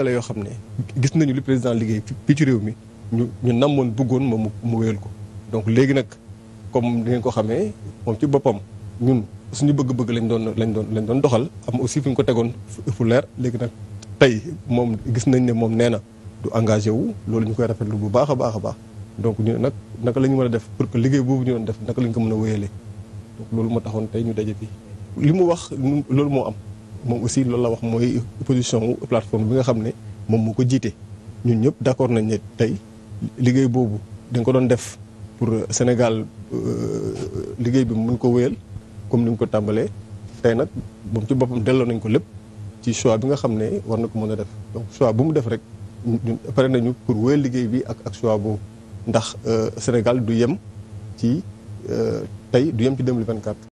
yoo xam ne gis nañu li président liggéey fii ci réew mi ñu ñu namoon bëggoon moom mu wéyal ko donc léegi nag comme ni ngeen ko xamee moom ci boppam ñun suñu bëgg-bëgg lañ doon lañ doon lañ doon doxal am aussi fi ñu ko tegoon fu leer léegi nag tey moom gis nañ ne moom nee na du engagé wu loolu ñu koy rafet lu bu baax a baax a baax donc ñu ne nag naka la ñu mën a def pour que liggéey boobu ñu doon def naka la ñu ko mën a wéyalee loolu moo taxoon tey ñu daje fi li mu wax loolu moo am moom aussi loolu la wax mooy opposition wu plateforme bi nga xam ne moom moo ko jiite. ñu ñëpp d'accord nañ ne tey liggéey boobu dañ ko doon def pour euh, Sénégal euh, liggéey bi mun ko wéyal comme ni mu ko tàmbalee tey nag moom ci boppam delloo nañ ko lépp ci choix bi nga xam ne war na ko mën a def donc choix bu mu def rek ñun pare nañu pour wéyal liggéey bi ak ak choix boobu ndax euh, Sénégal du yem ci tey du yem ci 2024.